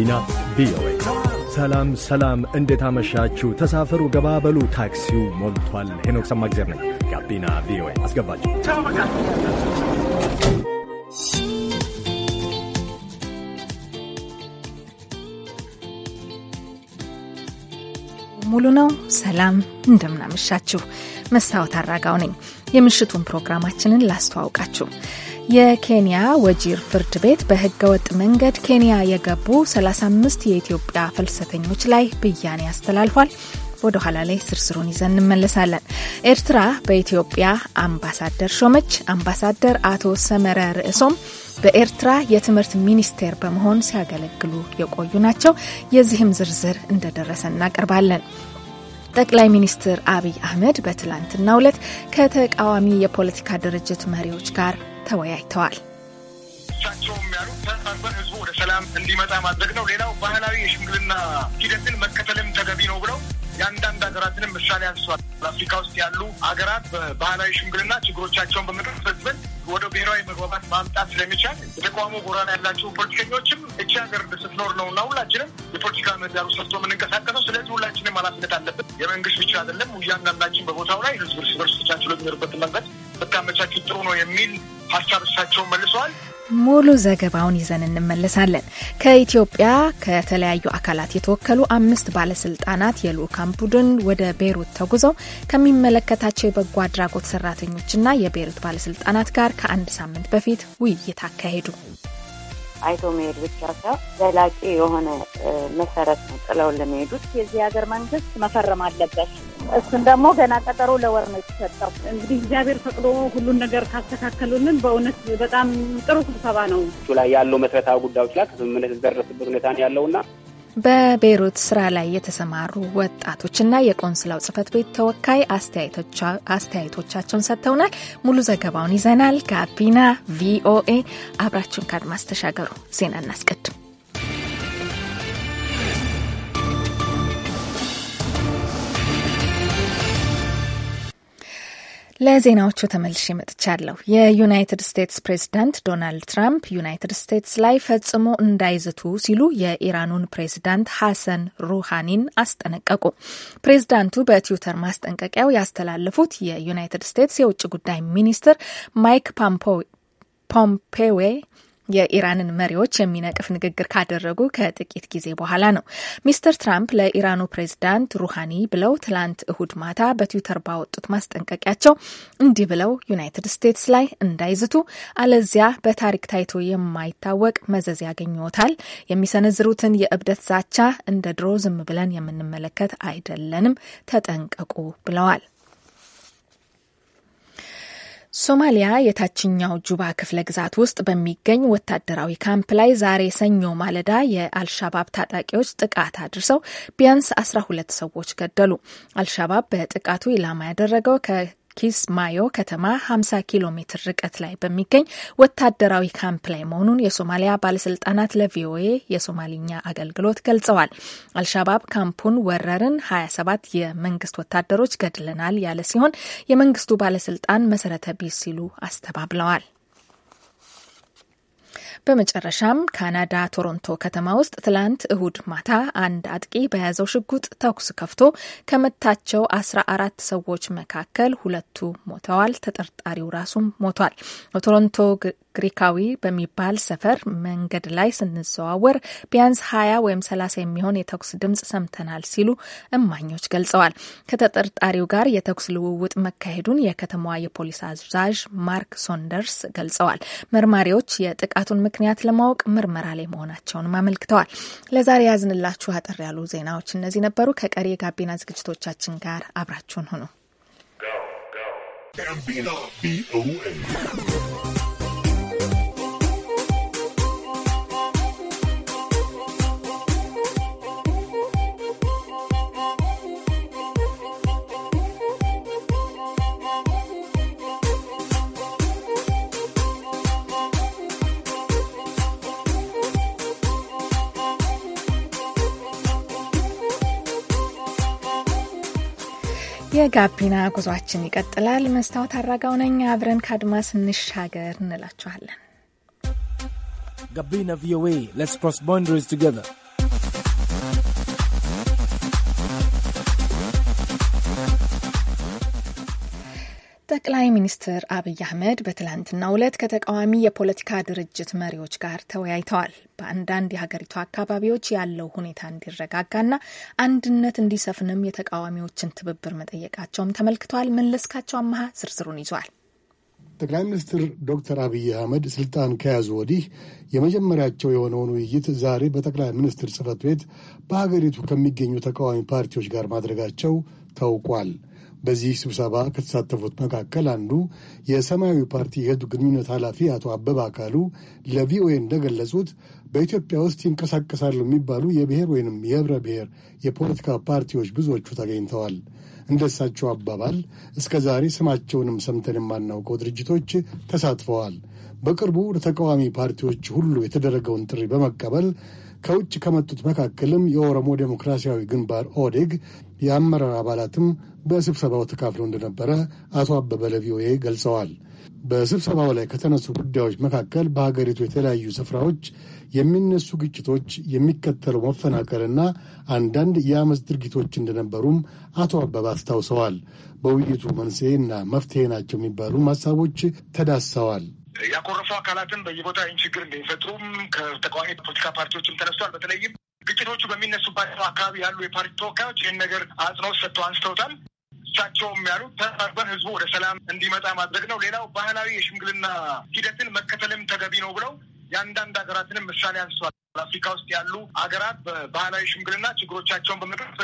ጋቢና ቪኦኤ። ሰላም ሰላም፣ እንዴት አመሻችሁ? ተሳፈሩ፣ ገባበሉ፣ ታክሲው ሞልቷል። ሄኖክ ሰማግዜር ነኝ። ጋቢና ቪኦኤ አስገባችሁ። ሙሉ ነው። ሰላም እንደምናመሻችሁ። መስታወት አራጋው ነኝ። የምሽቱን ፕሮግራማችንን ላስተዋውቃችሁ። የኬንያ ወጂር ፍርድ ቤት በህገወጥ መንገድ ኬንያ የገቡ 35 የኢትዮጵያ ፍልሰተኞች ላይ ብያኔ አስተላልፏል። ወደ ኋላ ላይ ስርስሩን ይዘን እንመለሳለን። ኤርትራ በኢትዮጵያ አምባሳደር ሾመች። አምባሳደር አቶ ሰመረ ርዕሶም በኤርትራ የትምህርት ሚኒስቴር በመሆን ሲያገለግሉ የቆዩ ናቸው። የዚህም ዝርዝር እንደደረሰ እናቀርባለን። ጠቅላይ ሚኒስትር አብይ አህመድ በትላንትናው ዕለት ከተቃዋሚ የፖለቲካ ድርጅት መሪዎች ጋር ተወያይተዋል። እሳቸውም ያሉት ህዝቡ ወደ ሰላም እንዲመጣ ማድረግ ነው። ሌላው ባህላዊ የሽምግልና ሂደትን መከተልም ተገቢ ነው ብለው የአንዳንድ ሀገራትንም ምሳሌ አንስቷል። አፍሪካ ውስጥ ያሉ ሀገራት በባህላዊ ሽምግልና ችግሮቻቸውን በመቀበል ወደ ብሔራዊ መግባባት ማምጣት ስለሚቻል የተቃውሞ ጎራና ያላቸው ፖለቲከኞችም እቺ ሀገር ስትኖር ነው እና ሁላችንም የፖለቲካ ምህዳሩ ሰፍቶ የምንንቀሳቀሰው። ስለዚህ ሁላችንም ኃላፊነት አለብን። የመንግስት ብቻ አይደለም። እያንዳንዳችን በቦታው ላይ ህዝብ እርስ በርስ ተቻችሎ የሚኖርበት መንገድ ጥሩ ነው የሚል ሀሳብ እሳቸውን መልሰዋል። ሙሉ ዘገባውን ይዘን እንመለሳለን። ከኢትዮጵያ ከተለያዩ አካላት የተወከሉ አምስት ባለስልጣናት የልዑካን ቡድን ወደ ቤይሩት ተጉዘው ከሚመለከታቸው የበጎ አድራጎት ሰራተኞችና የቤይሩት ባለስልጣናት ጋር ከአንድ ሳምንት በፊት ውይይት አካሄዱ። አይቶ መሄድ ብቻ ሳይሆን ዘላቂ የሆነ መሰረት ነው ጥለውልን የሄዱት። የዚህ ሀገር መንግስት መፈረም አለበት። እሱን ደግሞ ገና ቀጠሮ ለወር ነው የተሰጠው። እንግዲህ እግዚአብሔር ፈቅዶ ሁሉን ነገር ካስተካከሉልን በእውነት በጣም ጥሩ ስብሰባ ነው። ላይ ያለው መሰረታዊ ጉዳዮች ላይ ከስምምነት የተደረሰበት ሁኔታ ነው ያለውና በቤይሩት ስራ ላይ የተሰማሩ ወጣቶችና የቆንስላው ጽህፈት ቤት ተወካይ አስተያየቶቻቸውን ሰጥተውናል። ሙሉ ዘገባውን ይዘናል። ጋቢና ቪኦኤ አብራችሁን ከአድማስ ተሻገሩ። ዜና እናስቀድም። ለዜናዎቹ ተመልሼ መጥቻለሁ። የዩናይትድ ስቴትስ ፕሬዚዳንት ዶናልድ ትራምፕ ዩናይትድ ስቴትስ ላይ ፈጽሞ እንዳይዝቱ ሲሉ የኢራኑን ፕሬዚዳንት ሐሰን ሩሃኒን አስጠነቀቁ። ፕሬዚዳንቱ በትዊተር ማስጠንቀቂያው ያስተላለፉት የዩናይትድ ስቴትስ የውጭ ጉዳይ ሚኒስትር ማይክ ፖምፔዌ የኢራንን መሪዎች የሚነቅፍ ንግግር ካደረጉ ከጥቂት ጊዜ በኋላ ነው። ሚስተር ትራምፕ ለኢራኑ ፕሬዚዳንት ሩሃኒ ብለው ትላንት እሁድ ማታ በትዊተር ባወጡት ማስጠንቀቂያቸው እንዲህ ብለው ዩናይትድ ስቴትስ ላይ እንዳይዝቱ፣ አለዚያ በታሪክ ታይቶ የማይታወቅ መዘዝ ያገኘዎታል። የሚሰነዝሩትን የእብደት ዛቻ እንደ ድሮ ዝም ብለን የምንመለከት አይደለንም። ተጠንቀቁ ብለዋል። ሶማሊያ የታችኛው ጁባ ክፍለ ግዛት ውስጥ በሚገኝ ወታደራዊ ካምፕ ላይ ዛሬ ሰኞ ማለዳ የአልሻባብ ታጣቂዎች ጥቃት አድርሰው ቢያንስ አስራ ሁለት ሰዎች ገደሉ። አልሻባብ በጥቃቱ ኢላማ ያደረገው ኪስማዮ ከተማ 50 ኪሎ ሜትር ርቀት ላይ በሚገኝ ወታደራዊ ካምፕ ላይ መሆኑን የሶማሊያ ባለስልጣናት ለቪኦኤ የሶማሊኛ አገልግሎት ገልጸዋል። አልሻባብ ካምፑን ወረርን፣ 27 የመንግስት ወታደሮች ገድለናል ያለ ሲሆን የመንግስቱ ባለስልጣን መሰረተ ቢስ ሲሉ አስተባብለዋል። በመጨረሻም ካናዳ ቶሮንቶ ከተማ ውስጥ ትላንት እሁድ ማታ አንድ አጥቂ በያዘው ሽጉጥ ተኩስ ከፍቶ ከመታቸው አስራ አራት ሰዎች መካከል ሁለቱ ሞተዋል። ተጠርጣሪው ራሱም ሞቷል። በቶሮንቶ ግሪካዊ በሚባል ሰፈር መንገድ ላይ ስንዘዋወር ቢያንስ ሀያ ወይም ሰላሳ የሚሆን የተኩስ ድምጽ ሰምተናል ሲሉ እማኞች ገልጸዋል። ከተጠርጣሪው ጋር የተኩስ ልውውጥ መካሄዱን የከተማዋ የፖሊስ አዛዥ ማርክ ሶንደርስ ገልጸዋል። መርማሪዎች የጥቃቱን ምክንያት ለማወቅ ምርመራ ላይ መሆናቸውንም አመልክተዋል። ለዛሬ ያዝንላችሁ አጠር ያሉ ዜናዎች እነዚህ ነበሩ። ከቀሪ የጋቢና ዝግጅቶቻችን ጋር አብራችሁን ሁኑ። የጋቢና ጉዟችን ይቀጥላል። መስታወት አራጋው ነኝ። አብረን ከአድማስ እንሻገር እንላችኋለን። ጋቢና ቪኦኤ ሌትስ ክሮስ ባውንደሪስ ቱጌዘር ጠቅላይ ሚኒስትር አብይ አህመድ በትላንትናው ዕለት ከተቃዋሚ የፖለቲካ ድርጅት መሪዎች ጋር ተወያይተዋል። በአንዳንድ የሀገሪቱ አካባቢዎች ያለው ሁኔታ እንዲረጋጋና አንድነት እንዲሰፍንም የተቃዋሚዎችን ትብብር መጠየቃቸውም ተመልክተዋል። መለስካቸው አመሃ ዝርዝሩን ይዟል። ጠቅላይ ሚኒስትር ዶክተር አብይ አህመድ ስልጣን ከያዙ ወዲህ የመጀመሪያቸው የሆነውን ውይይት ዛሬ በጠቅላይ ሚኒስትር ጽህፈት ቤት በሀገሪቱ ከሚገኙ ተቃዋሚ ፓርቲዎች ጋር ማድረጋቸው ታውቋል። በዚህ ስብሰባ ከተሳተፉት መካከል አንዱ የሰማያዊ ፓርቲ የህዝብ ግንኙነት ኃላፊ አቶ አበበ አካሉ ለቪኦኤ እንደገለጹት በኢትዮጵያ ውስጥ ይንቀሳቀሳሉ የሚባሉ የብሔር ወይንም የህብረ ብሔር የፖለቲካ ፓርቲዎች ብዙዎቹ ተገኝተዋል። እንደሳቸው አባባል እስከ ዛሬ ስማቸውንም ሰምተን የማናውቀው ድርጅቶች ተሳትፈዋል። በቅርቡ ለተቃዋሚ ፓርቲዎች ሁሉ የተደረገውን ጥሪ በመቀበል ከውጭ ከመጡት መካከልም የኦሮሞ ዴሞክራሲያዊ ግንባር ኦዴግ የአመራር አባላትም በስብሰባው ተካፍለው እንደነበረ አቶ አበበ ለቪኦኤ ገልጸዋል። በስብሰባው ላይ ከተነሱ ጉዳዮች መካከል በሀገሪቱ የተለያዩ ስፍራዎች የሚነሱ ግጭቶች፣ የሚከተለው መፈናቀልና አንዳንድ የአመፅ ድርጊቶች እንደነበሩም አቶ አበበ አስታውሰዋል። በውይይቱ መንስኤና መፍትሄ ናቸው የሚባሉ ሀሳቦች ተዳሰዋል። ያኮረፉ አካላትም በየቦታ ይህን ችግር እንደሚፈጥሩም ከተቃዋሚ ፖለቲካ ፓርቲዎችም ተነስተዋል። በተለይም ግጭቶቹ በሚነሱባቸው አካባቢ ያሉ የፓርቲ ተወካዮች ይህን ነገር አጽንኦት ሰጥተው አንስተውታል። እሳቸውም ያሉት ተባርበን ህዝቡ ወደ ሰላም እንዲመጣ ማድረግ ነው። ሌላው ባህላዊ የሽምግልና ሂደትን መከተልም ተገቢ ነው ብለው የአንዳንድ ሀገራትንም ምሳሌ አንስተዋል። አፍሪካ ውስጥ ያሉ ሀገራት በባህላዊ ሽምግልና ችግሮቻቸውን በመቅረፍ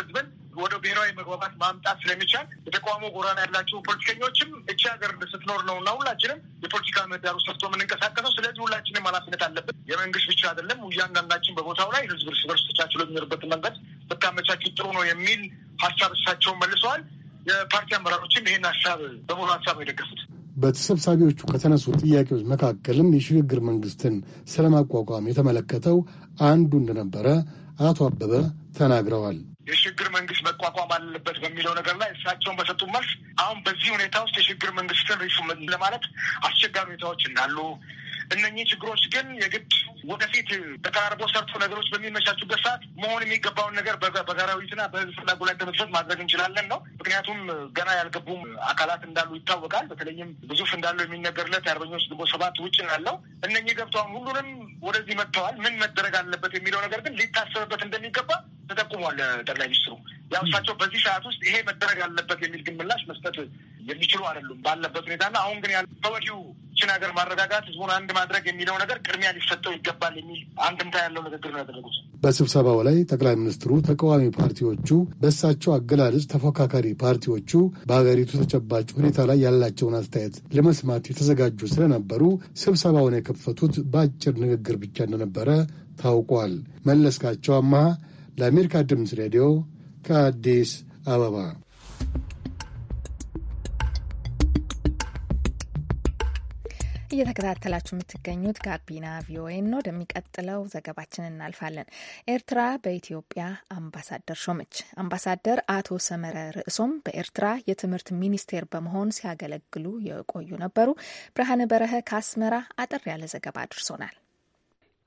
ወደ ብሔራዊ መግባባት ማምጣት ስለሚቻል የተቃውሞ ጎራና ያላቸው ፖለቲከኞችም እቺ ሀገር ስትኖር ነው እና ሁላችንም የፖለቲካ ምህዳሩ ሰፍቶ የምንንቀሳቀሰው። ስለዚህ ሁላችንም ኃላፊነት አለብን። የመንግስት ብቻ አይደለም። እያንዳንዳችን በቦታው ላይ ህዝብ እርስ በርስ ተቻችሎ የሚኖርበት መንገድ ብታመቻቹት ጥሩ ነው የሚል ሀሳብ እሳቸውን መልሰዋል። የፓርቲ አመራሮችም ይህን ሀሳብ በሙሉ ሀሳብ ነው የደገፉት። በተሰብሳቢዎቹ ከተነሱ ጥያቄዎች መካከልም የሽግግር መንግስትን ስለማቋቋም የተመለከተው አንዱ እንደነበረ አቶ አበበ ተናግረዋል። የሽግግር መንግስት መቋቋም አለበት በሚለው ነገር ላይ እሳቸውን በሰጡ መልስ አሁን በዚህ ሁኔታ ውስጥ የሽግግር መንግስትን ሪፍ ለማለት አስቸጋሪ ሁኔታዎች እንዳሉ እነኚህ ችግሮች ግን የግድ ወደፊት በተቃርቦ ሰርቶ ነገሮች በሚመቻቹበት ሰዓት መሆን የሚገባውን ነገር በጋራዊትና በህዝብ ፍላጎት ላይ ተመስረት ማድረግ እንችላለን ነው። ምክንያቱም ገና ያልገቡም አካላት እንዳሉ ይታወቃል። በተለይም ግዙፍ እንዳለው የሚነገርለት የአርበኞች ግንቦት ሰባት ውጭ ያለው እነኚህ ገብተዋል፣ ሁሉንም ወደዚህ መጥተዋል። ምን መደረግ አለበት የሚለው ነገር ግን ሊታሰብበት እንደሚገባ ተጠቁሟል። ጠቅላይ ሚኒስትሩ ያው እሳቸው በዚህ ሰዓት ውስጥ ይሄ መደረግ አለበት የሚል ግን ምላሽ መስጠት የሚችሉ አይደሉም ባለበት ሁኔታና አሁን ግን ያ በወዲሁ ይችን ሀገር ማረጋጋት፣ ህዝቡን አንድ ማድረግ የሚለው ነገር ቅድሚያ ሊሰጠው ይገባል የሚል አንድምታ ያለው ንግግር ነው ያደረጉት። በስብሰባው ላይ ጠቅላይ ሚኒስትሩ ተቃዋሚ ፓርቲዎቹ በእሳቸው አገላለጽ ተፎካካሪ ፓርቲዎቹ በሀገሪቱ ተጨባጭ ሁኔታ ላይ ያላቸውን አስተያየት ለመስማት የተዘጋጁ ስለነበሩ ስብሰባውን የከፈቱት በአጭር ንግግር ብቻ እንደነበረ ታውቋል። መለስካቸው አማሃ ለአሜሪካ ድምፅ ሬዲዮ ከአዲስ አበባ እየተከታተላችሁ የምትገኙት ጋቢና ቪኦኤ ነው። ወደሚቀጥለው ዘገባችን እናልፋለን። ኤርትራ በኢትዮጵያ አምባሳደር ሾመች። አምባሳደር አቶ ሰመረ ርዕሶም በኤርትራ የትምህርት ሚኒስቴር በመሆን ሲያገለግሉ የቆዩ ነበሩ። ብርሃነ በረሀ ከአስመራ አጠር ያለ ዘገባ አድርሶናል።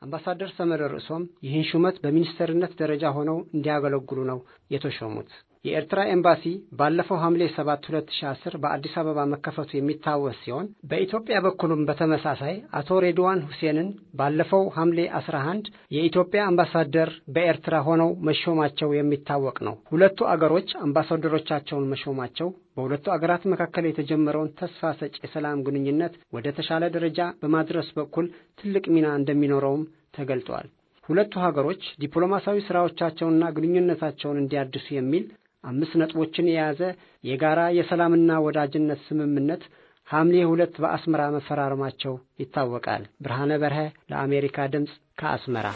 አምባሳደር ሰመረ ርዕሶም ይህን ሹመት በሚኒስቴርነት ደረጃ ሆነው እንዲያገለግሉ ነው የተሾሙት። የኤርትራ ኤምባሲ ባለፈው ሐምሌ 7 2010 በአዲስ አበባ መከፈቱ የሚታወስ ሲሆን በኢትዮጵያ በኩልም በተመሳሳይ አቶ ሬድዋን ሁሴንን ባለፈው ሐምሌ 11 የኢትዮጵያ አምባሳደር በኤርትራ ሆነው መሾማቸው የሚታወቅ ነው። ሁለቱ አገሮች አምባሳደሮቻቸውን መሾማቸው በሁለቱ አገራት መካከል የተጀመረውን ተስፋ ሰጪ የሰላም ግንኙነት ወደ ተሻለ ደረጃ በማድረስ በኩል ትልቅ ሚና እንደሚኖረውም ተገልጧል። ሁለቱ ሀገሮች ዲፕሎማሲያዊ ስራዎቻቸውንና ግንኙነታቸውን እንዲያድሱ የሚል አምስት ነጥቦችን የያዘ የጋራ የሰላምና ወዳጅነት ስምምነት ሐምሌ ሁለት በአስመራ መፈራረማቸው ይታወቃል። ብርሃነ በርሀ ለአሜሪካ ድምፅ ከአስመራ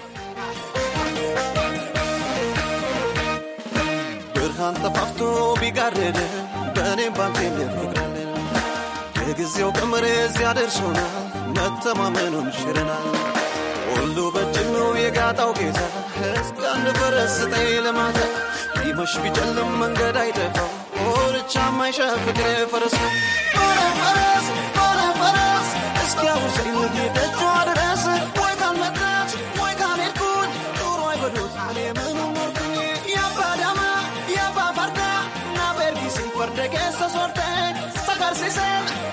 ብርሃን ተፋፍቶ ቢጋረደ በእኔ ባንቴ ፍቅራለን የጊዜው ቀመር እዚያ ደርሶናል። መተማመኑን ሽረናል። ሁሉ በእጅ ነው የጋጣው ጌታ ሕዝብ አንድ ፈረስ ስጠኝ ለማታ يمش بيجلم من قد يتفهم ورجع ما يشاف فكرة فرس طالع فرس طالع فرس اسكا وسيل جيتك وعد راسه ويقال مدرس ويقال يكون طور يبدوز عليه من مرتي يا بادما يا بافردا نابر بيسي فردك اسا صورتك سكر سيسن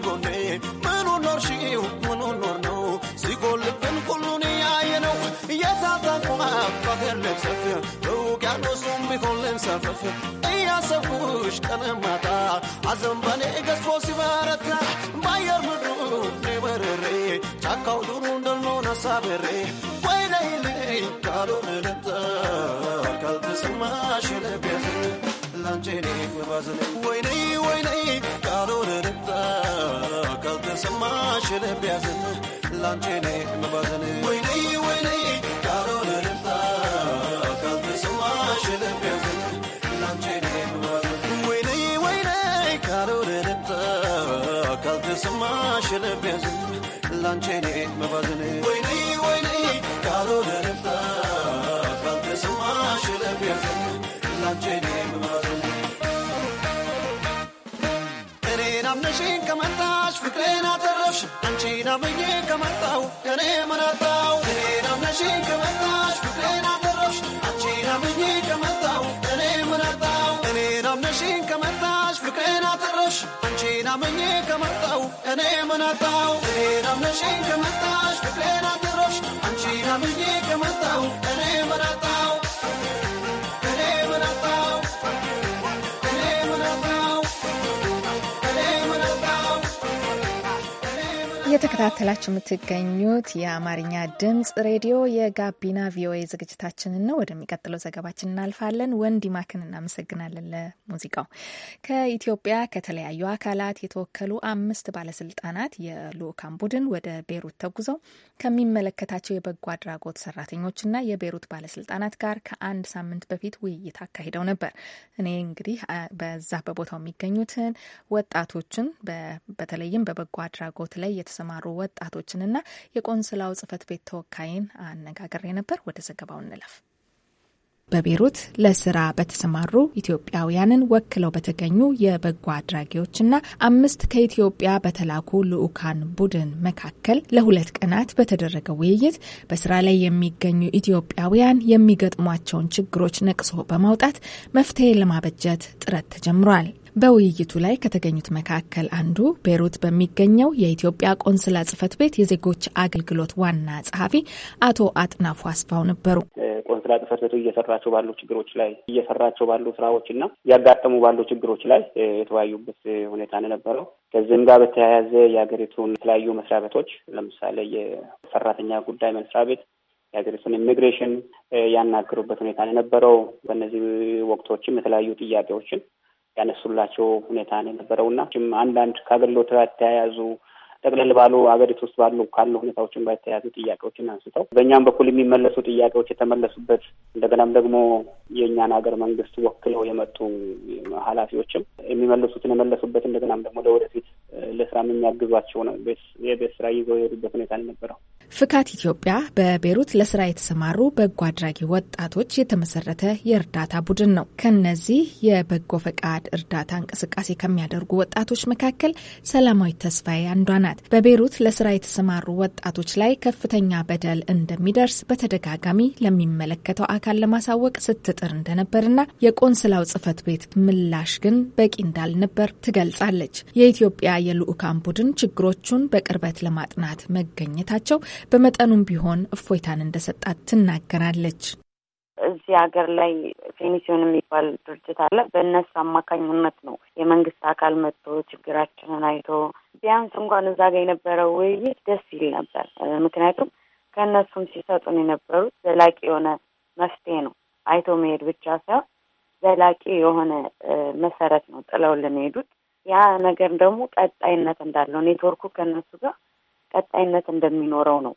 ሆኖ ኖር ነው ሲጎልብን ሁሉን እያየ ነው እየታጠቁ አባገር ለብሰፍ በውቅያኖሱም ቢሆንም ሰፈፍ እያሰብኩሽ ቀን ማታ አዘንበኔ ገዝፎ ሲበረታ በአየር ምድሩ በርሬ ጫካው ዱሩ እንደልሆነ ሳበሬ ወይ ለይልኝ ካልሆነ ደምጠ ካልተሰማሽ ልቤት ላንቼኔ መባዝነ ወይነይ ወይነይ ተሰማሽ ልብ ያዝን ላንቺ ኔ መባዘን ወይነይ ወይነይ ካልሆነ ልምጣ ካልተሰማሽ ልብ ላንቺ ኔ መባዘን ወይነይ ጥለሽኝ ከመጣሽ ፍቅሬን አተረፍሽ አንቺን አምኜ ከመጣው እኔ መናጣው እኔን አምነሽኝ ከመጣሽ ፍቅሬን አተረፍሽ አንቺን አምኜ ከመጣው እኔ መናጣው እኔን አምነሽኝ ከመጣሽ ፍቅሬን አተረፍሽ አንቺን አምኜ ከመጣው እኔ መናጣው እኔን አምነሽኝ ከመጣሽ ፍቅሬን አተረፍሽ አንቺን አምኜ ከመጣው እኔ መናጣው እየተከታተላችሁ የምትገኙት የአማርኛ ድምፅ ሬዲዮ የጋቢና ቪኦኤ ዝግጅታችንን ነው። ወደሚቀጥለው ዘገባችን እናልፋለን። ወንዲ ማክን እናመሰግናለን ለሙዚቃው። ከኢትዮጵያ ከተለያዩ አካላት የተወከሉ አምስት ባለስልጣናት የልዑካን ቡድን ወደ ቤሩት ተጉዘው ከሚመለከታቸው የበጎ አድራጎት ሰራተኞችና የቤሩት ባለስልጣናት ጋር ከአንድ ሳምንት በፊት ውይይት አካሂደው ነበር። እኔ እንግዲህ በዛ በቦታው የሚገኙትን ወጣቶችን በተለይም በበጎ አድራጎት ላይ የተሰማ የተሰማሩ ወጣቶችንና የቆንስላው ጽህፈት ቤት ተወካይን አነጋግሬ ነበር። ወደ ዘገባው እንለፍ። በቤሩት ለስራ በተሰማሩ ኢትዮጵያውያንን ወክለው በተገኙ የበጎ አድራጊዎችና አምስት ከኢትዮጵያ በተላኩ ልዑካን ቡድን መካከል ለሁለት ቀናት በተደረገው ውይይት በስራ ላይ የሚገኙ ኢትዮጵያውያን የሚገጥሟቸውን ችግሮች ነቅሶ በማውጣት መፍትሄ ለማበጀት ጥረት ተጀምሯል። በውይይቱ ላይ ከተገኙት መካከል አንዱ ቤሩት በሚገኘው የኢትዮጵያ ቆንስላ ጽህፈት ቤት የዜጎች አገልግሎት ዋና ጸሐፊ አቶ አጥናፉ አስፋው ነበሩ። ቆንስላ ጽሕፈት ቤቱ እየሰራቸው ባሉ ችግሮች ላይ እየሰራቸው ባሉ ስራዎች እና እያጋጠሙ ባሉ ችግሮች ላይ የተወያዩበት ሁኔታ ነው የነበረው። ከዚህም ጋር በተያያዘ የሀገሪቱን የተለያዩ መስሪያ ቤቶች ለምሳሌ የሰራተኛ ጉዳይ መስሪያ ቤት የሀገሪቱን ኢሚግሬሽን ያናገሩበት ሁኔታ ነው የነበረው። በእነዚህ ወቅቶችም የተለያዩ ጥያቄዎችን ያነሱላቸው ሁኔታ ነው የነበረውና አንዳንድ ከአገልግሎት ጋር ተያያዙ ጠቅለል ባሉ አገሪቱ ውስጥ ባሉ ካሉ ሁኔታዎችን ጋር የተያያዙ ጥያቄዎችን አንስተው በእኛም በኩል የሚመለሱ ጥያቄዎች የተመለሱበት እንደገናም ደግሞ የእኛን ሀገር መንግስት ወክለው የመጡ ኃላፊዎችም የሚመልሱትን የመለሱበት እንደገናም ደግሞ ለወደፊት ለስራም የሚያግዟቸው ነው የቤት ስራ ይዘው የሄዱበት ሁኔታ አልነበረው። ፍካት ኢትዮጵያ በቤሩት ለስራ የተሰማሩ በጎ አድራጊ ወጣቶች የተመሰረተ የእርዳታ ቡድን ነው። ከነዚህ የበጎ ፈቃድ እርዳታ እንቅስቃሴ ከሚያደርጉ ወጣቶች መካከል ሰላማዊ ተስፋዬ አንዷ ናት። በቤሩት ለስራ የተሰማሩ ወጣቶች ላይ ከፍተኛ በደል እንደሚደርስ በተደጋጋሚ ለሚመለከተው አካል ለማሳወቅ ስትጥ ይፈጠር እንደነበርና የቆንስላው ጽህፈት ቤት ምላሽ ግን በቂ እንዳልነበር ትገልጻለች። የኢትዮጵያ የልዑካን ቡድን ችግሮቹን በቅርበት ለማጥናት መገኘታቸው በመጠኑም ቢሆን እፎይታን እንደሰጣት ትናገራለች። እዚህ ሀገር ላይ ፌኒሲዮን የሚባል ድርጅት አለ። በእነሱ አማካኝነት ነው የመንግስት አካል መጥቶ ችግራችንን አይቶ ቢያንስ እንኳን እዛ ጋር የነበረው ውይይት ደስ ይል ነበር። ምክንያቱም ከእነሱም ሲሰጡን የነበሩት ዘላቂ የሆነ መፍትሄ ነው። አይቶ መሄድ ብቻ ሳይሆን ዘላቂ የሆነ መሰረት ነው ጥለውልን የሄዱት። ያ ነገር ደግሞ ቀጣይነት እንዳለው ኔትወርኩ ከእነሱ ጋር ቀጣይነት እንደሚኖረው ነው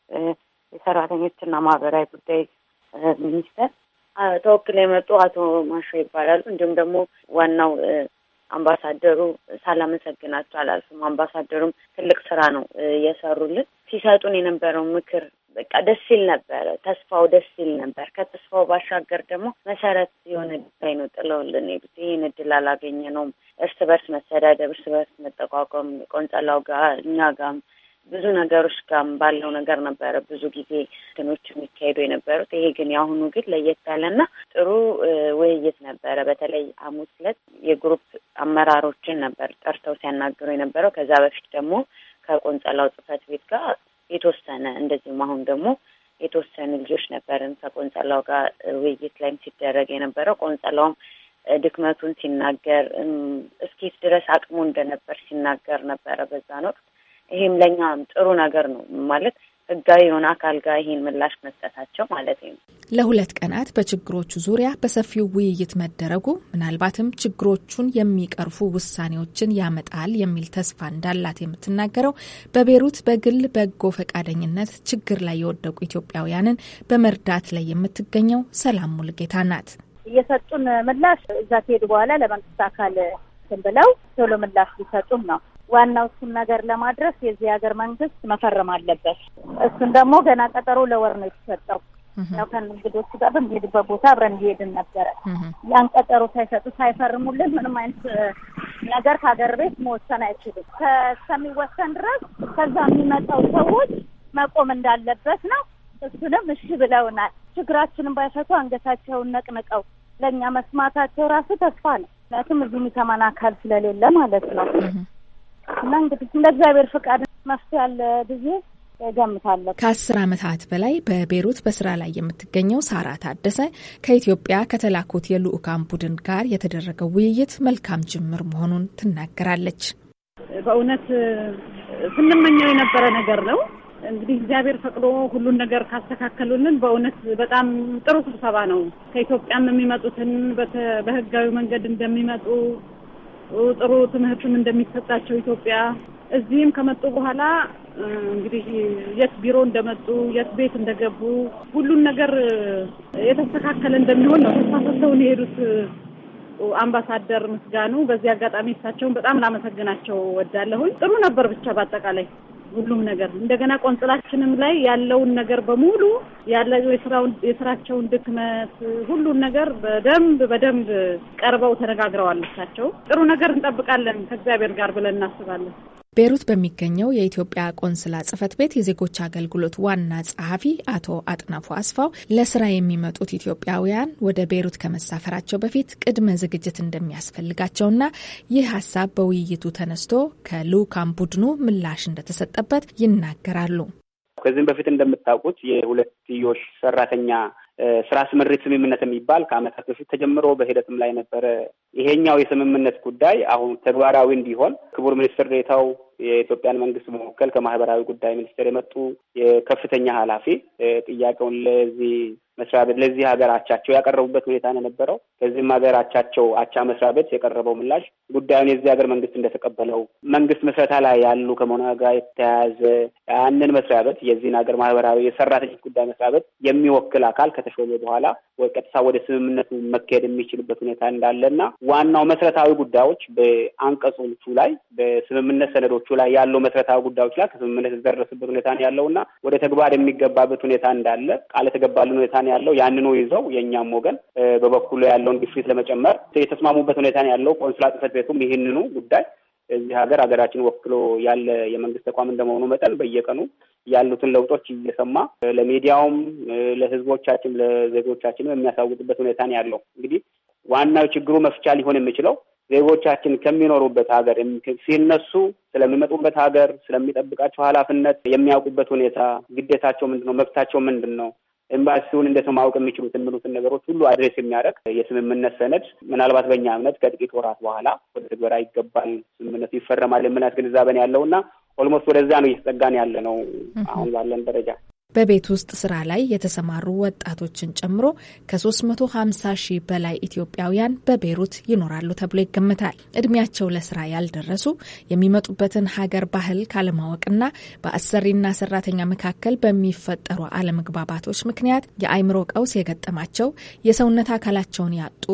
የሰራተኞችና ማህበራዊ ጉዳይ ሚኒስቴር ተወክል የመጡ አቶ ማሾ ይባላሉ። እንዲሁም ደግሞ ዋናው አምባሳደሩ ሳላመሰግናቸው አላልፉም። አምባሳደሩም ትልቅ ስራ ነው የሰሩልን። ሲሰጡን የነበረው ምክር በቃ ደስ ይል ነበረ። ተስፋው ደስ ሲል ነበር። ከተስፋው ባሻገር ደግሞ መሰረት የሆነ ጉዳይ ነው ጥለውልን ይህን እድል አላገኘ ነውም። እርስ በርስ መሰዳደብ፣ እርስ በርስ መጠቋቋም ቆንጸላው ጋር እኛ ጋም ብዙ ነገሮች ጋም ባለው ነገር ነበረ ብዙ ጊዜ ትኖች የሚካሄዱ የነበሩት። ይሄ ግን የአሁኑ ግን ለየት ያለና ጥሩ ውይይት ነበረ። በተለይ ሐሙስ ዕለት የግሩፕ አመራሮችን ነበር ጠርተው ሲያናግሩ የነበረው። ከዛ በፊት ደግሞ ከቆንጸላው ጽፈት ቤት ጋር የተወሰነ እንደዚሁም አሁን ደግሞ የተወሰኑ ልጆች ነበርን ከቆንጸላው ጋር ውይይት ላይም ሲደረግ የነበረው ቆንጸላውም ድክመቱን ሲናገር እስኬት ድረስ አቅሙ እንደነበር ሲናገር ነበረ በዛን ወቅት። ይሄም ለእኛም ጥሩ ነገር ነው ማለት ህጋዊ የሆነ አካል ጋር ይሄን ምላሽ መስጠታቸው ማለት ነው። ለሁለት ቀናት በችግሮቹ ዙሪያ በሰፊው ውይይት መደረጉ ምናልባትም ችግሮቹን የሚቀርፉ ውሳኔዎችን ያመጣል የሚል ተስፋ እንዳላት የምትናገረው በቤሩት በግል በጎ ፈቃደኝነት ችግር ላይ የወደቁ ኢትዮጵያውያንን በመርዳት ላይ የምትገኘው ሰላም ሙልጌታ ናት። እየሰጡን ምላሽ እዛ ከሄዱ በኋላ ለመንግስት አካል ብለው ቶሎ ምላሽ ሊሰጡም ነው ዋናው እሱን ነገር ለማድረስ የዚህ ሀገር መንግስት መፈረም አለበት። እሱን ደግሞ ገና ቀጠሮ ለወር ነው የተሰጠው። ያው ከእንግዶቹ ጋር በሚሄድበት ቦታ አብረን እየሄድን ነበረ። ያን ቀጠሮ ሳይሰጡ ሳይፈርሙልን ምንም አይነት ነገር ከሀገር ቤት መወሰን አይችሉም። ከሚወሰን ድረስ ከዛ የሚመጣው ሰዎች መቆም እንዳለበት ነው። እሱንም እሺ ብለውናል። ችግራችንን ባይፈቱ አንገታቸውን ነቅንቀው ለእኛ መስማታቸው ራሱ ተስፋ ነው። ምክንያቱም እዚህ የሚሰማን አካል ስለሌለ ማለት ነው። እና እንግዲህ እንደ እግዚአብሔር ፍቃድ መፍትሄ ያለ ጊዜ ገምታለሁ። ከአስር ዓመታት በላይ በቤሩት በስራ ላይ የምትገኘው ሳራ ታደሰ ከኢትዮጵያ ከተላኩት የልኡካን ቡድን ጋር የተደረገው ውይይት መልካም ጅምር መሆኑን ትናገራለች። በእውነት ስንመኘው የነበረ ነገር ነው። እንግዲህ እግዚአብሔር ፈቅዶ ሁሉን ነገር ካስተካከሉልን በእውነት በጣም ጥሩ ስብሰባ ነው። ከኢትዮጵያም የሚመጡትን በህጋዊ መንገድ እንደሚመጡ ጥሩ ትምህርትም እንደሚሰጣቸው ኢትዮጵያ እዚህም ከመጡ በኋላ እንግዲህ የት ቢሮ እንደመጡ የት ቤት እንደገቡ ሁሉን ነገር የተስተካከለ እንደሚሆን ነው ተስፋ ሰጥተውን የሄዱት አምባሳደር ምስጋኑ። በዚህ አጋጣሚ እሳቸውን በጣም ላመሰግናቸው ወዳለሁኝ። ጥሩ ነበር ብቻ በአጠቃላይ ሁሉም ነገር እንደገና ቆንጽላችንም ላይ ያለውን ነገር በሙሉ ያለው የስራውን የስራቸውን ድክመት ሁሉን ነገር በደንብ በደንብ ቀርበው ተነጋግረዋል። እሳቸው ጥሩ ነገር እንጠብቃለን ከእግዚአብሔር ጋር ብለን እናስባለን። ቤሩት በሚገኘው የኢትዮጵያ ቆንስላ ጽህፈት ቤት የዜጎች አገልግሎት ዋና ጸሐፊ አቶ አጥናፉ አስፋው ለስራ የሚመጡት ኢትዮጵያውያን ወደ ቤሩት ከመሳፈራቸው በፊት ቅድመ ዝግጅት እንደሚያስፈልጋቸውና ይህ ሀሳብ በውይይቱ ተነስቶ ከልዑካን ቡድኑ ምላሽ እንደተሰጠበት ይናገራሉ። ከዚህም በፊት እንደምታውቁት የሁለትዮሽ ሰራተኛ ስራ ስምሪት ስምምነት የሚባል ከአመታት በፊት ተጀምሮ በሂደትም ላይ ነበረ። ይሄኛው የስምምነት ጉዳይ አሁን ተግባራዊ እንዲሆን ክቡር ሚኒስትር ዴታው የኢትዮጵያን መንግስት በመወከል ከማህበራዊ ጉዳይ ሚኒስቴር የመጡ የከፍተኛ ኃላፊ ጥያቄውን ለዚህ መስሪያ ቤት ለዚህ ሀገር አቻቸው ያቀረቡበት ሁኔታ ነው የነበረው። ከዚህም ሀገር አቻቸው አቻ መስሪያ ቤት የቀረበው ምላሽ ጉዳዩን የዚህ ሀገር መንግስት እንደተቀበለው መንግስት መስረታ ላይ ያሉ ከመሆኑ ጋር የተያያዘ ያንን መስሪያ ቤት የዚህን ሀገር ማህበራዊ የሰራተኞች ጉዳይ መስሪያ ቤት የሚወክል አካል ከተሾመ በኋላ ቀጥታ ወደ ስምምነቱ መካሄድ የሚችልበት ሁኔታ እንዳለና ዋናው መሰረታዊ ጉዳዮች በአንቀጾቹ ላይ በስምምነት ሰነዶቹ ላይ ያለው መሰረታዊ ጉዳዮች ላይ ከስምምነት የተደረሰበት ሁኔታ ያለውና ወደ ተግባር የሚገባበት ሁኔታ እንዳለ ቃል የተገባልን ሁኔታ ነው ያለው። ያንኑ ይዘው የእኛም ወገን በበኩሉ ያለውን ግፊት ለመጨመር የተስማሙበት ሁኔታ ነው ያለው። ቆንስላ ጽሕፈት ቤቱም ይህንኑ ጉዳይ እዚህ ሀገር ሀገራችን ወክሎ ያለ የመንግስት ተቋም እንደመሆኑ መጠን በየቀኑ ያሉትን ለውጦች እየሰማ ለሚዲያውም፣ ለህዝቦቻችን፣ ለዜጎቻችንም የሚያሳውቅበት ሁኔታ ነው ያለው። እንግዲህ ዋናው ችግሩ መፍቻ ሊሆን የሚችለው ዜጎቻችን ከሚኖሩበት ሀገር ሲነሱ ስለሚመጡበት ሀገር ስለሚጠብቃቸው ኃላፊነት የሚያውቁበት ሁኔታ ግዴታቸው ምንድን ነው፣ መብታቸው ምንድን ነው፣ ኤምባሲውን እንዴት ማወቅ የሚችሉት የሚሉትን ነገሮች ሁሉ አድሬስ የሚያደርግ የስምምነት ሰነድ ምናልባት በእኛ እምነት ከጥቂት ወራት በኋላ ወደ ትግበራ ይገባል፣ ስምምነቱ ይፈረማል የምናት ግንዛቤን ያለውና ኦልሞስት ወደዛ ነው እየተጠጋን ያለ ነው አሁን ባለን ደረጃ። በቤት ውስጥ ስራ ላይ የተሰማሩ ወጣቶችን ጨምሮ ከ350 ሺህ በላይ ኢትዮጵያውያን በቤሩት ይኖራሉ ተብሎ ይገመታል። እድሜያቸው ለስራ ያልደረሱ የሚመጡበትን ሀገር ባህል ካለማወቅና በአሰሪና ሰራተኛ መካከል በሚፈጠሩ አለመግባባቶች ምክንያት የአይምሮ ቀውስ የገጠማቸው፣ የሰውነት አካላቸውን ያጡ፣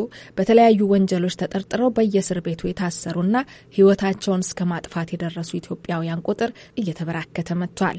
በተለያዩ ወንጀሎች ተጠርጥረው በየእስር ቤቱ የታሰሩና ህይወታቸውን እስከ ማጥፋት የደረሱ ኢትዮጵያውያን ቁጥር እየተበራከተ መጥቷል።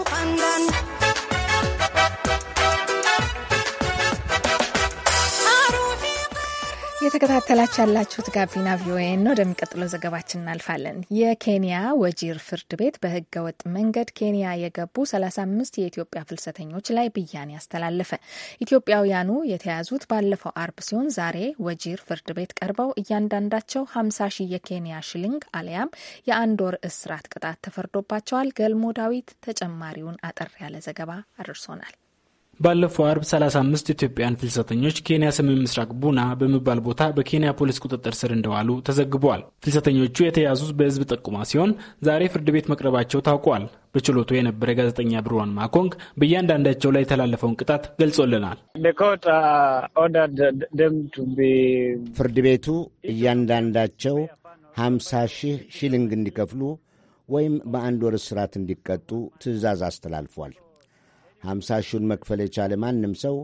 እየተከታተላችሁ ያላችሁት ጋቢና ቪኦኤ ነው። ወደሚቀጥለው ዘገባችን እናልፋለን። የኬንያ ወጂር ፍርድ ቤት በህገ ወጥ መንገድ ኬንያ የገቡ 35 የኢትዮጵያ ፍልሰተኞች ላይ ብያኔ አስተላለፈ። ኢትዮጵያውያኑ የተያዙት ባለፈው አርብ ሲሆን ዛሬ ወጂር ፍርድ ቤት ቀርበው እያንዳንዳቸው 50 ሺህ የኬንያ ሽሊንግ አሊያም የአንድ ወር እስራት ቅጣት ተፈርዶባቸዋል። ገልሞ ዳዊት ተጨማሪውን አጠር ያለ ዘገባ አድርሶናል። ባለፈው አርብ 35 ኢትዮጵያውያን ፍልሰተኞች ኬንያ ሰሜን ምስራቅ ቡና በሚባል ቦታ በኬንያ ፖሊስ ቁጥጥር ስር እንደዋሉ ተዘግበዋል። ፍልሰተኞቹ የተያዙት በህዝብ ጠቁማ ሲሆን ዛሬ ፍርድ ቤት መቅረባቸው ታውቋል። በችሎቱ የነበረ ጋዜጠኛ ብሩዋን ማኮንግ በእያንዳንዳቸው ላይ የተላለፈውን ቅጣት ገልጾልናል። ፍርድ ቤቱ እያንዳንዳቸው 50 ሺህ ሺሊንግ እንዲከፍሉ ወይም በአንድ ወር እስራት እንዲቀጡ ትዕዛዝ አስተላልፏል። ሀምሳ ሺውን መክፈል የቻለ ማንም ሰው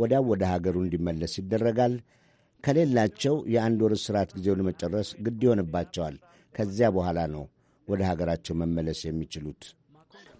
ወዲያው ወደ ሀገሩ እንዲመለስ ይደረጋል። ከሌላቸው የአንድ ወር እስራት ጊዜው ለመጨረስ ግድ ይሆንባቸዋል። ከዚያ በኋላ ነው ወደ ሀገራቸው መመለስ የሚችሉት።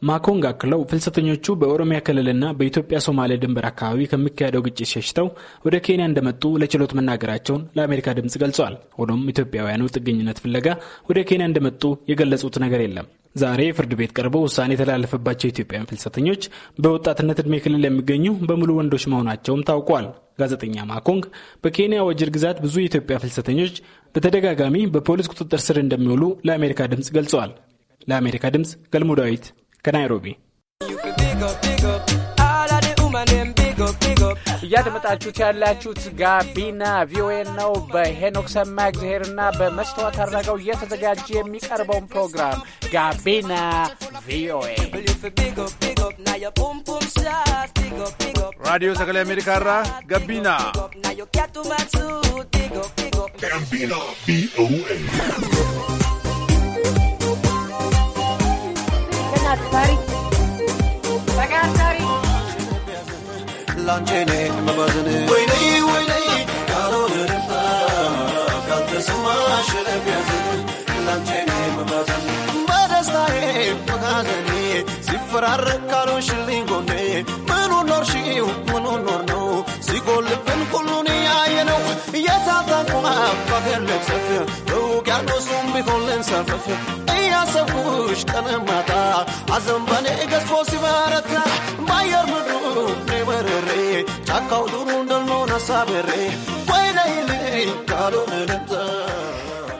ማኮንግ አክለው ፍልሰተኞቹ በኦሮሚያ ክልልና በኢትዮጵያ ሶማሌ ድንበር አካባቢ ከሚካሄደው ግጭት ሸሽተው ወደ ኬንያ እንደመጡ ለችሎት መናገራቸውን ለአሜሪካ ድምፅ ገልጸዋል። ሆኖም ኢትዮጵያውያኑ ጥገኝነት ፍለጋ ወደ ኬንያ እንደመጡ የገለጹት ነገር የለም። ዛሬ ፍርድ ቤት ቀርበው ውሳኔ የተላለፈባቸው ኢትዮጵያን ፍልሰተኞች በወጣትነት ዕድሜ ክልል የሚገኙ በሙሉ ወንዶች መሆናቸውም ታውቋል። ጋዜጠኛ ማኮንግ በኬንያ ወጅር ግዛት ብዙ የኢትዮጵያ ፍልሰተኞች በተደጋጋሚ በፖሊስ ቁጥጥር ስር እንደሚውሉ ለአሜሪካ ድምፅ ገልጸዋል። ለአሜሪካ ድምፅ ገልሞ ዳዊት ከናይሮቢ እያደመጣችሁት ያላችሁት ጋቢና ቪኦኤ ነው። በሄኖክ ሰማ እግዚአብሔርና በመስተዋት አድረገው እየተዘጋጀ የሚቀርበውን ፕሮግራም ጋቢና ቪኦኤ ራዲዮ ሰገሌ አሜሪካ ራ ጋቢና ጋቢና ቪኦኤ Sorry. ላንቼኔ መባዘን ወይነይ ወይነይ ጎኔ ምኑ ምኑ ኖር ነው ሲጎልብን ሁሉን ያየነው እየታታቁማ ባገር ልብሰፍ በውቅያኖሱም ቢሆን ልንሰፈፍ ማታ አዘንበኔ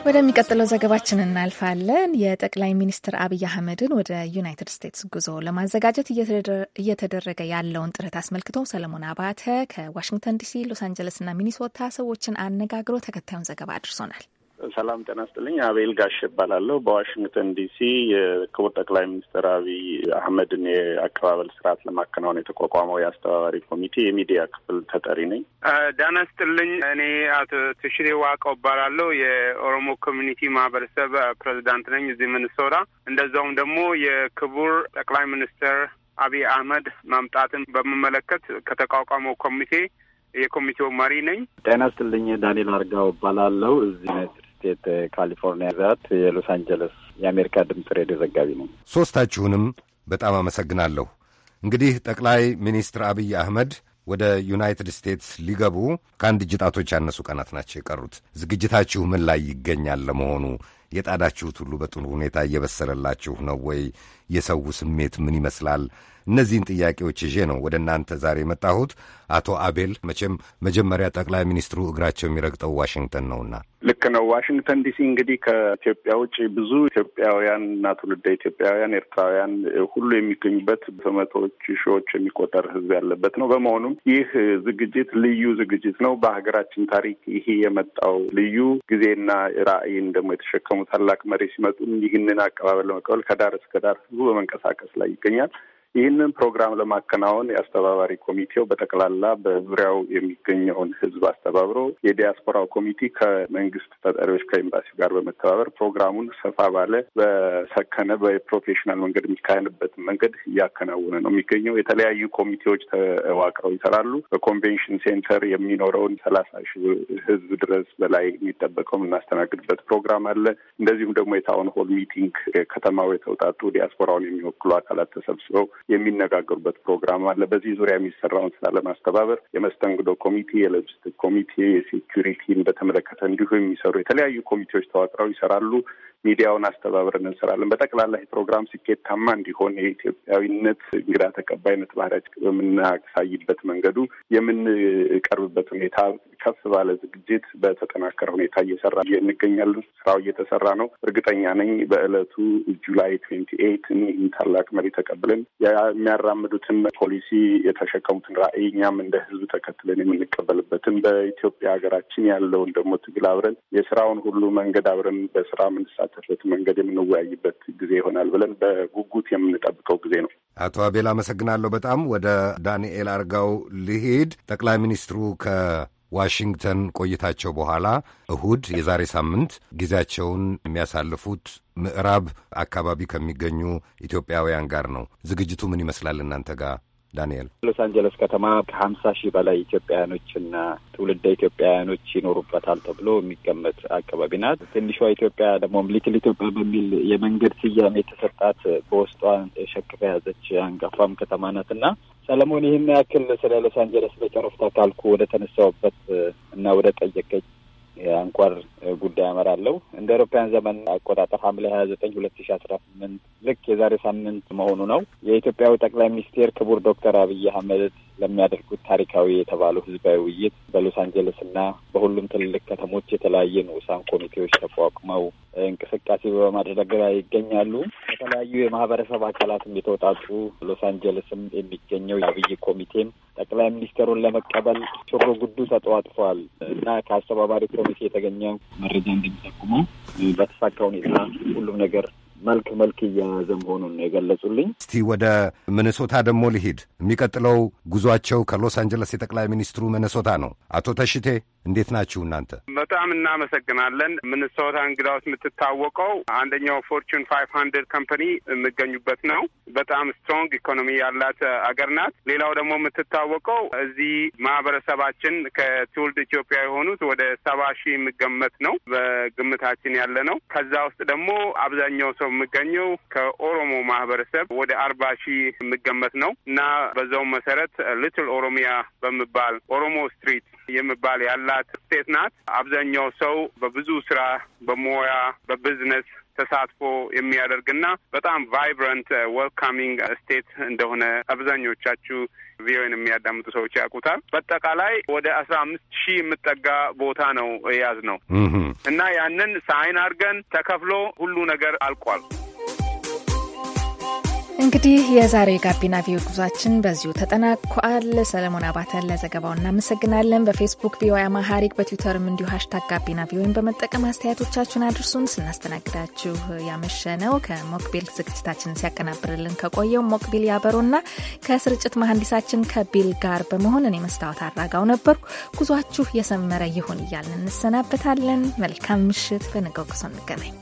ወደሚቀጥለው ዘገባችን እናልፋለን። የጠቅላይ ሚኒስትር አብይ አህመድን ወደ ዩናይትድ ስቴትስ ጉዞ ለማዘጋጀት እየተደረገ ያለውን ጥረት አስመልክቶ ሰለሞን አባተ ከዋሽንግተን ዲሲ፣ ሎስ እና ሚኒሶታ ሰዎችን አነጋግሮ ተከታዩን ዘገባ አድርሶናል። ሰላም ጤና ስጥልኝ። አቤል ጋሽ እባላለሁ። በዋሽንግተን ዲሲ የክቡር ጠቅላይ ሚኒስትር አብይ አህመድን የአቀባበል ስርዓት ለማከናወን የተቋቋመው የአስተባባሪ ኮሚቴ የሚዲያ ክፍል ተጠሪ ነኝ። ዳና ስጥልኝ። እኔ አቶ ትሽሬ ዋቀው እባላለሁ። የኦሮሞ ኮሚኒቲ ማህበረሰብ ፕሬዚዳንት ነኝ እዚህ ምንሶራ። እንደዛውም ደግሞ የክቡር ጠቅላይ ሚኒስትር አብይ አህመድ ማምጣትን በምመለከት ከተቋቋመው ኮሚቴ የኮሚቴው መሪ ነኝ። ጤና ይስጥልኝ። ዳንኤል አርጋው እባላለሁ እዚህ ዩናይትድ ስቴት ካሊፎርኒያ ግዛት የሎስ አንጀለስ የአሜሪካ ድምፅ ሬዲዮ ዘጋቢ ነው። ሦስታችሁንም በጣም አመሰግናለሁ። እንግዲህ ጠቅላይ ሚኒስትር አብይ አህመድ ወደ ዩናይትድ ስቴትስ ሊገቡ ከአንድ እጅ ጣቶች ያነሱ ቀናት ናቸው የቀሩት። ዝግጅታችሁ ምን ላይ ይገኛል? ለመሆኑ የጣዳችሁት ሁሉ በጥሩ ሁኔታ እየበሰለላችሁ ነው ወይ? የሰው ስሜት ምን ይመስላል? እነዚህን ጥያቄዎች ይዤ ነው ወደ እናንተ ዛሬ የመጣሁት። አቶ አቤል መቼም መጀመሪያ ጠቅላይ ሚኒስትሩ እግራቸው የሚረግጠው ዋሽንግተን ነውና ልክ ነው። ዋሽንግተን ዲሲ እንግዲህ ከኢትዮጵያ ውጭ ብዙ ኢትዮጵያውያን እና ትውልደ ኢትዮጵያውያን፣ ኤርትራውያን ሁሉ የሚገኙበት በመቶዎች ሺዎች የሚቆጠር ሕዝብ ያለበት ነው። በመሆኑም ይህ ዝግጅት ልዩ ዝግጅት ነው። በሀገራችን ታሪክ ይሄ የመጣው ልዩ ጊዜና ራዕይን ደግሞ የተሸከሙ ታላቅ መሪ ሲመጡ ይህንን አቀባበል ለመቀበል ከዳር እስከ ዳር ሕዝቡ በመንቀሳቀስ ላይ ይገኛል። ይህንን ፕሮግራም ለማከናወን የአስተባባሪ ኮሚቴው በጠቅላላ በዙሪያው የሚገኘውን ህዝብ አስተባብሮ የዲያስፖራው ኮሚቴ ከመንግስት ተጠሪዎች ከኤምባሲው ጋር በመተባበር ፕሮግራሙን ሰፋ ባለ በሰከነ በፕሮፌሽናል መንገድ የሚካሄንበት መንገድ እያከናወነ ነው የሚገኘው። የተለያዩ ኮሚቴዎች ተዋቅረው ይሰራሉ። በኮንቬንሽን ሴንተር የሚኖረውን ሰላሳ ሺህ ህዝብ ድረስ በላይ የሚጠበቀው የምናስተናግድበት ፕሮግራም አለ። እንደዚሁም ደግሞ የታውን ሆል ሚቲንግ ከተማው የተውጣጡ ዲያስፖራውን የሚወክሉ አካላት ተሰብስበው የሚነጋገሩበት ፕሮግራም አለ። በዚህ ዙሪያ የሚሰራውን ስራ ለማስተባበር የመስተንግዶ ኮሚቴ፣ የሎጂስቲክ ኮሚቴ፣ የሴኪሪቲን በተመለከተ እንዲሁ የሚሰሩ የተለያዩ ኮሚቴዎች ተዋቅረው ይሰራሉ። ሚዲያውን አስተባብረን እንሰራለን። በጠቅላላ የፕሮግራም ስኬታማ እንዲሆን የኢትዮጵያዊነት እንግዳ ተቀባይነት ባህሪያችን በምናሳይበት መንገዱ የምንቀርብበት ሁኔታ ከፍ ባለ ዝግጅት በተጠናከረ ሁኔታ እየሰራ እንገኛለን። ስራው እየተሰራ ነው። እርግጠኛ ነኝ በእለቱ ጁላይ ትዌንቲ ኤይት ይህን ታላቅ መሪ ተቀብለን የሚያራምዱትን ፖሊሲ የተሸከሙትን ራዕይ እኛም እንደ ህዝብ ተከትለን የምንቀበልበትን በኢትዮጵያ ሀገራችን ያለውን ደግሞ ትግል አብረን የስራውን ሁሉ መንገድ አብረን በስራ የምንሳተፍበት መንገድ የምንወያይበት ጊዜ ይሆናል ብለን በጉጉት የምንጠብቀው ጊዜ ነው። አቶ አቤል አመሰግናለሁ በጣም። ወደ ዳንኤል አርጋው ሊሄድ ጠቅላይ ሚኒስትሩ ከ ዋሽንግተን ቆይታቸው በኋላ እሁድ የዛሬ ሳምንት ጊዜያቸውን የሚያሳልፉት ምዕራብ አካባቢ ከሚገኙ ኢትዮጵያውያን ጋር ነው። ዝግጅቱ ምን ይመስላል እናንተ ጋር? ዳንኤል ሎስ አንጀለስ ከተማ ከሀምሳ ሺህ በላይ ኢትዮጵያውያኖችና ትውልደ ኢትዮጵያውያኖች ይኖሩበታል ተብሎ የሚገመት አካባቢ ናት። ትንሿ ኢትዮጵያ ደግሞ ሊትል ኢትዮጵያ በሚል የመንገድ ስያሜ የተሰጣት በውስጧ ሸክፍ የያዘች አንጋፋም ከተማ ናት እና ሰለሞን ይህን ያክል ስለ ሎስ አንጀለስ በጨረፍታ ካልኩ ወደ ተነሳውበት እና ወደ ጠየቀኝ የአንኳር ጉዳይ አመራለሁ። እንደ አውሮፓውያን ዘመን አቆጣጠር ሐምሌ ሀያ ዘጠኝ ሁለት ሺ አስራ ስምንት ልክ የዛሬ ሳምንት መሆኑ ነው። የኢትዮጵያዊ ጠቅላይ ሚኒስቴር ክቡር ዶክተር አብይ አህመድ ለሚያደርጉት ታሪካዊ የተባሉ ህዝባዊ ውይይት በሎስ አንጀለስ እና በሁሉም ትልልቅ ከተሞች የተለያየ ንዑሳን ኮሚቴዎች ተቋቁመው እንቅስቃሴ በማድረግ ላይ ይገኛሉ። የተለያዩ የማህበረሰብ አካላትም የተውጣጡ ሎስ አንጀለስም የሚገኘው የአብይ ኮሚቴም ጠቅላይ ሚኒስትሩን ለመቀበል ሽሮ ጉዱ ተጠዋጥፏል እና ከአስተባባሪ ኮሚቴ የተገኘው መረጃ እንደሚጠቁመው በተሳካ ሁኔታ ሁሉም ነገር መልክ መልክ እየያዘ መሆኑን ነው የገለጹልኝ። እስቲ ወደ ሚኒሶታ ደግሞ ልሂድ። የሚቀጥለው ጉዟቸው ከሎስ አንጀለስ የጠቅላይ ሚኒስትሩ ሚኒሶታ ነው። አቶ ተሽቴ እንዴት ናችሁ እናንተ? በጣም እናመሰግናለን። ሚኒሶታ እንግዳዎች የምትታወቀው አንደኛው ፎርቹን ፋይቭ ሀንድርድ ካምፓኒ የሚገኙበት ነው። በጣም ስትሮንግ ኢኮኖሚ ያላት አገር ናት። ሌላው ደግሞ የምትታወቀው እዚህ ማህበረሰባችን ከትውልድ ኢትዮጵያ የሆኑት ወደ ሰባ ሺህ የሚገመት ነው በግምታችን ያለ ነው። ከዛ ውስጥ ደግሞ አብዛኛው ሰው የምገኘው ከኦሮሞ ማህበረሰብ ወደ አርባ ሺህ የሚገመት ነው እና በዛው መሰረት ሊትል ኦሮሚያ በሚባል ኦሮሞ ስትሪት የሚባል ያላት ስቴት ናት። አብዛኛው ሰው በብዙ ስራ፣ በሙያ፣ በቢዝነስ ተሳትፎ የሚያደርግና በጣም ቫይብረንት ዌልካሚንግ ስቴት እንደሆነ አብዛኞቻችሁ ቪኦኤን የሚያዳምጡ ሰዎች ያውቁታል። በአጠቃላይ ወደ አስራ አምስት ሺህ የምጠጋ ቦታ ነው ነው። እና ያንን ሳይን አድርገን ተከፍሎ ሁሉ ነገር አልቋል። እንግዲህ የዛሬ የጋቢና ቪዮ ጉዟችን በዚሁ ተጠናቋል። ሰለሞን አባተን ለዘገባው እናመሰግናለን። በፌስቡክ ቪዮ አማሃሪክ በትዊተርም እንዲሁ ሀሽታግ ጋቢና ቪዮን በመጠቀም አስተያየቶቻችሁን አድርሱን። ስናስተናግዳችሁ ያመሸ ነው ከሞክቢል ዝግጅታችን ሲያቀናብርልን ከቆየው ሞክቢል ያበሮና ከስርጭት መሐንዲሳችን ከቢል ጋር በመሆን እኔ መስታወት አራጋው ነበርኩ። ጉዟችሁ የሰመረ ይሁን እያልን እንሰናበታለን። መልካም ምሽት። በነገው ጉዞ እንገናኝ።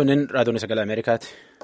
Sunin raadiyoon sagalee Ameerikaati.